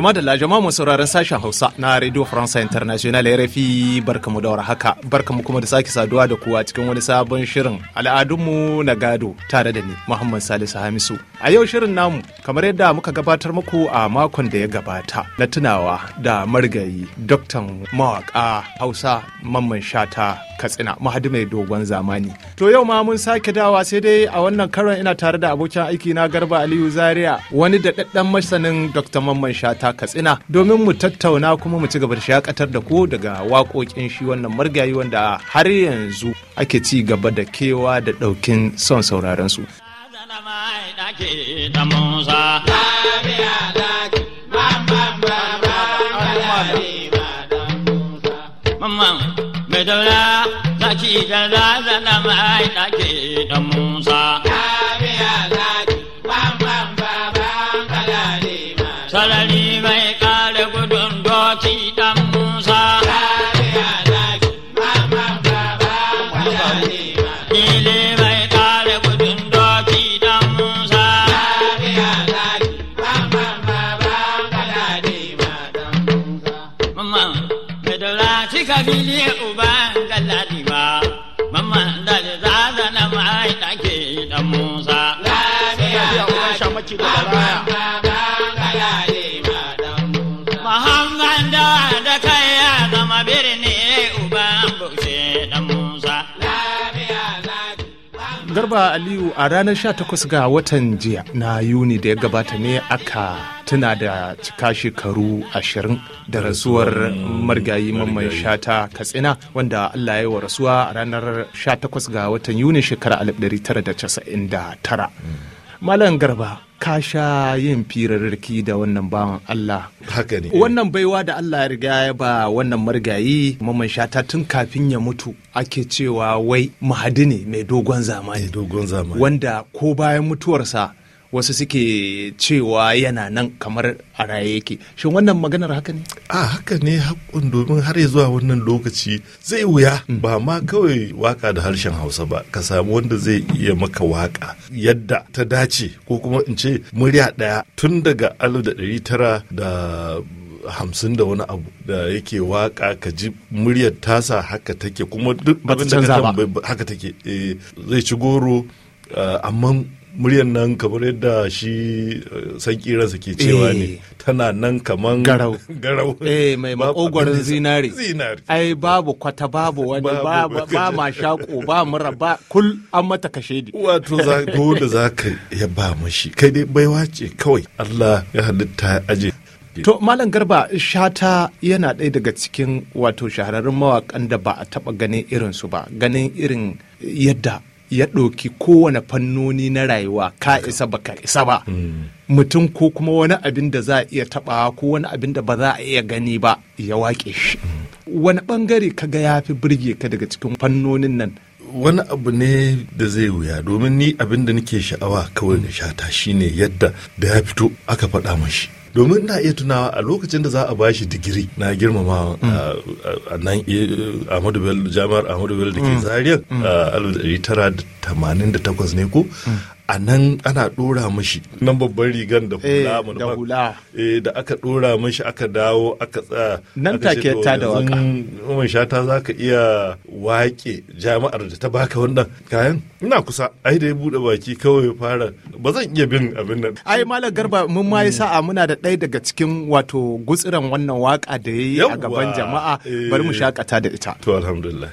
To madalla jama'a mu sauraron sashen Hausa na Radio France International RFI barkamu da haka barkamu kuma da sake saduwa da kuwa cikin wani sabon shirin al'adunmu na gado tare da ni Muhammad Salisu Hamisu. A yau shirin namu kamar yadda muka gabatar muku a makon da ya gabata na tunawa da marigayi Dr. mawaka Hausa Mamman Shata Katsina mahadi mai dogon zamani. To yau ma mun sake dawa sai dai a wannan karon ina tare da abokin aiki na Garba Aliyu Zaria wani da masanin Dr. Mamman Shata katsina domin mu tattauna kuma mu ci gaba da shakatar da ku daga waƙoƙin shi wannan margayi wanda har yanzu ake ci gaba da kewa da ɗaukin son sauraron su. Mama, mai zaki da mai ɗake da mace da baraya. da ya zama birni Musa. Garba Aliyu a ranar 18 ga watan jiya na Yuni da ya gabata ne aka tuna da cika shekaru ashirin da rasuwar Marigayi mamman shata katsina wanda allah ya yi wa rasuwa a ranar 18 ga watan yuni shekara 1999 malam garba ka sha yin firarriki da wannan bawan Allah. Haka ne. Wannan baiwa da Allah ya riga ya ba wannan marigayi maman shata tun kafin ya mutu ake cewa wai mahadi ne mai dogon zamani. Mai dogon zamani. Wanda ko bayan mutuwarsa wasu suke cewa yana nan kamar a raye yake shin wannan maganar haka ne a haka ne hakun domin har ya zuwa wannan lokaci zai wuya hmm. ba ma kawai waka da harshen hausa ba ka samu wanda zai iya maka waka yadda ta dace ko kuma in ce murya daya tun daga alif da ɗari tara da hamsin da wani abu da yake waka ka ji muryar tasa haka take kuma duk abin da ka haka take eh, zai ci goro eh, amma muryan nan kamar yadda shi eh, san ke cewa ne eh. tana nan kaman garau garau eh mai zinari. zinare ai babu kwata babu wani ba ma shako ba mura kul an mata kashe di wato za za ka ya ba mashi kai dai baiwa ce kawai Allah ya halitta aje To Malam Garba Shata yana ɗaya daga cikin wato shahararrun mawakan da ba a taɓa ganin irin su ba ganin irin yadda ya ɗauki kowane fannoni na rayuwa ka isa ba ka isa ba hmm. mutum ko kuma wani abin da za a iya taɓawa ko wani abin da ba za a iya gani ba ya waƙe shi hmm. wani ɓangare ka ga ya fi birge ka daga cikin fannonin nan wani abu ne da zai wuya domin ni abin da nake sha'awa kawai na shata shine yadda da ya fito aka faɗa mashi domin na iya tunawa a lokacin da za a bashi digiri na girmama mm. a nan eh, ahmadu bello jami'ar ahmadu bello da ke mm. Mm. a 1988 ne ko a nan ana dora mashi nan babban rigan da hula eh, da hula eh, da aka dora mashi aka dawo aka tsa nan take ta da waka mun ta zaka iya wake jama'ar da ta baka wannan kayan ina kusa ai da ya bude baki kawai fara ba zan iya bin abin nan ai malam garba mun ma yi sa'a muna da ɗaya daga cikin wato gutsiran wannan waka da yayi a gaban jama'a bari mu eh. shakata da ita to alhamdulillah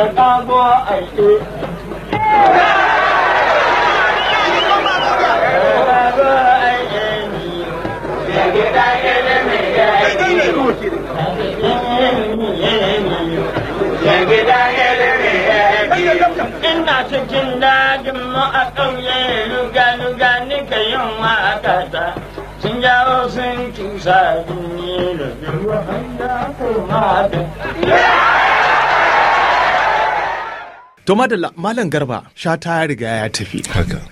ya kago Ina cikin dajin mu a ƙauye ruga nika yin ta sun jawo sun duniya da hanya ko mata. To da Malam Garba shata ya riga ya tafi.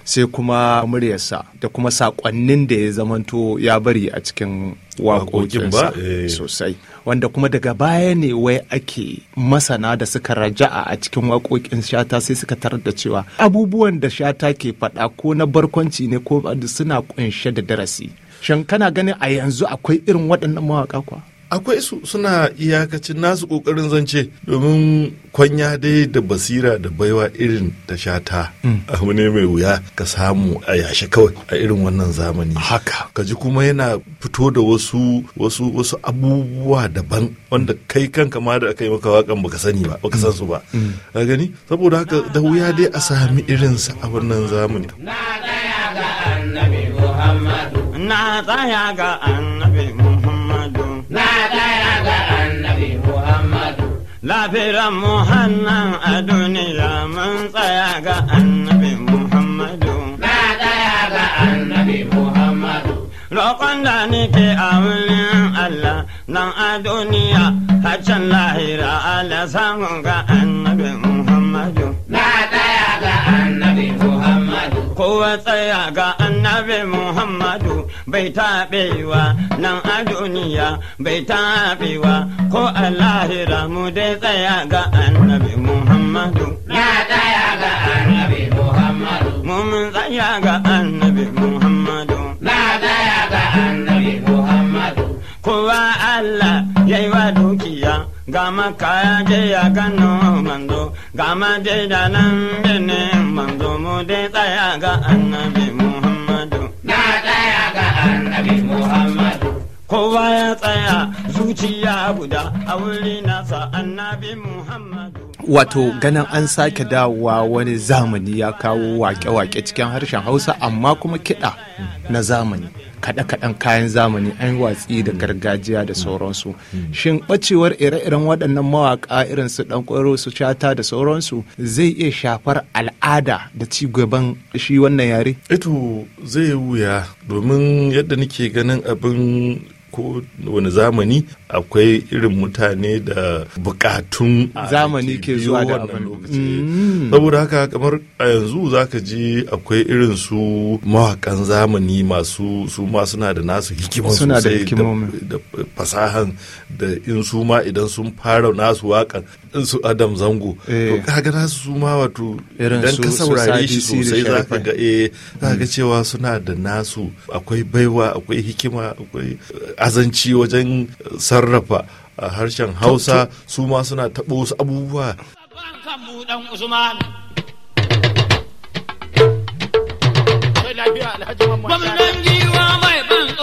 Sai kuma muryarsa da kuma sakonnin da ya zamanto ya bari a cikin waƙoƙin ba eh. sosai. Wanda kuma daga baya ne wai ake masana da suka raja'a a cikin waƙoƙin shata sai suka tarar da cewa abubuwan da shata ke faɗa ko na barkwanci ne ko suna kunshe da darasi. Shin kana ganin a yanzu akwai irin waɗannan mawaƙa kwa. akwai su suna iyakacin nasu kokarin zance domin kwanya dai da basira da baiwa irin ta shata mm. abu ne mai wuya ka samu a yashe kawai a irin wannan zamani haka ka ji kuma yana fito da wasu wasu wasu abubuwa daban wanda kai kanka ma da aka yi maka wakan baka sani ba baka san su ba mm. Mm. ka gani saboda haka da wuya dai a sami irin sa a wannan zamani na tsaya ga annabi muhammadu na tsaya ga annabi ɗaya ga annabi Muhammadu. Lafiran muhannan a duniya mun tsaya ga annabi Muhammadu. Na ɗaya ga annabi Muhammadu. Roƙon da nake a wurin Allah nan a duniya haccan lahira Allah samun ga annabi Muhammadu. Na ɗaya ga annabi Muhammadu. Kowa tsaya ga annabi Muhammadu. bai taɓewa nan a duniya bai taɓewa ko alahira mu dai tsaya ga annabi Muhammadu. Na tsaya ga annabi Muhammadu. Mun tsaya ga annabi Muhammadu. Na tsaya ga annabi Muhammadu. Kowa Allah yayi wa dukiya. gama kaya je ya gano manzo gama je da nan bene manzo mu dai tsaya ga annabi kowa ya tsaya zuciya guda a wuri nasa annabi muhammadu wato ganin an sake dawowa wani zamani ya kawo wake-wake cikin harshen hausa amma kuma kiɗa na zamani kaɗa kaɗan kayan zamani an watsi da gargajiya da sauransu shin ɓacewar ire-iren waɗannan mawaƙa irin su ɗan su cata da sauransu zai iya shafar al'ada da ci gaban shi wannan yare ito zai wuya domin yadda nake ganin abin ko wani zamani akwai irin mutane da bukatun zamani ke zuwa da lokaci mm. saboda haka kamar a yanzu zaka ji akwai irin su mawakan zamani masu su ma suna da nasu hikima sosai da fasahan da in su ma idan sun fara nasu wakan in su adam zango to eh. kaga nasu su ma wato idan ka saurare shi sosai zaka ga eh zaka mm. cewa suna da nasu akwai baiwa akwai hikima akwai azanci wajen sarrafa harshen hausa su ma suna taɓo wasu abubuwa Ban ban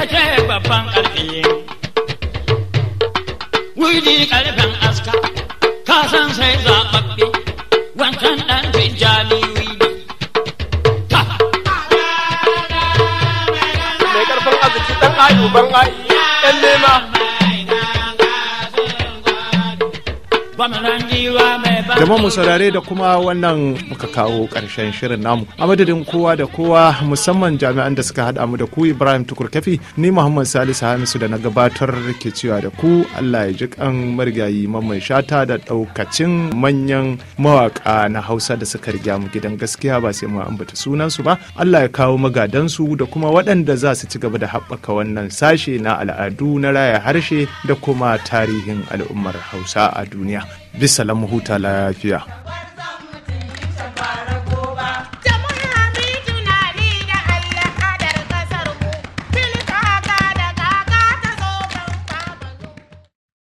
ya ce bang ƙarfi wuri aska ka san sai zaɓaɓɓe wancan ɗan tijjani ayu bangai. ayi ɗan jiwa da mu saurare da kuma wannan muka kawo karshen shirin namu a madadin kowa da kowa musamman jami'an da suka haɗa mu da ku ibrahim tukurkafi ni muhammad salisu hamisu da na gabatar ke cewa da ku allah ya ji kan marigayi mamman shata da ɗaukacin manyan mawaƙa na hausa da suka riga mu gidan gaskiya ba sai mu ambata sunansu ba allah ya kawo magadansu da kuma waɗanda za su ci gaba da haɓaka wannan sashe na al'adu na raya harshe da kuma tarihin al'ummar hausa a duniya bisa lamu huta lafiya